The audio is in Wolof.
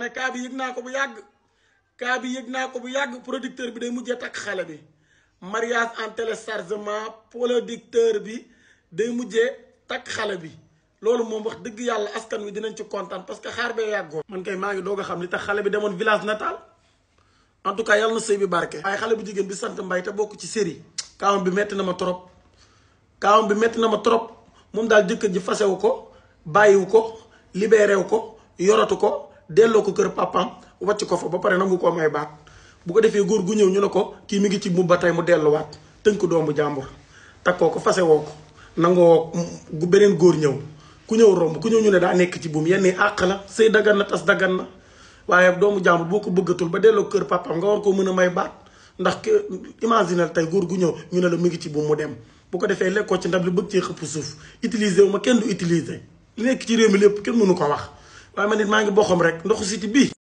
ne kaa bi yëg naa ko bu yàgg kaa bi yëg naa ko bu yàgg producteur bi day mujjee takk xale bi mariage en téléchargement producteur bi day mujjee takk xale bi loolu moom wax dëgg yàlla askan wi dinañ ci kontaan parce que xaar bee yàggoon man kay maa ngi doo a xam ni tax xale bi demoon village natal en tout cas yàlla na sëy bi barke waaye xale bu jigéen bi sant mbay te bokk ci série kaawam bi metti na ma trop kaawam bi metti na ma trop moom daal jëkkër ji fasewu ko bàyyiwu ko libéré wu ko yoratu ko delloo ko kër papam wàcc ko fa ba pare nangu koo may baat bu ko defee góor gu ñëw ñu ne ko kii mi ngi ci ba tey mu delluwaat tënk doomu jàmbur takkoo ko fase woo ko nangoo gu beneen góor ñëw ku ñëw romb ku ñëw ñu ne daa nekk ci buum yenn àq la sëy daggan na tas daggan na waaye doomu jàmbur boo ko bëggatul ba delloo kër papam nga war koo mën a may baat ndax imaginal tey góor gu ñëw ñu ne la mu ngi ci buum mu dem bu ko defee lekkoo ci ndab li bëgg cee xëpp suuf utiliser wu ma kenn du utiliser li nekk ci réew mi lépp kenn mënu ko wax waaye man nit maa ngi boxam rek ndoxu siti bii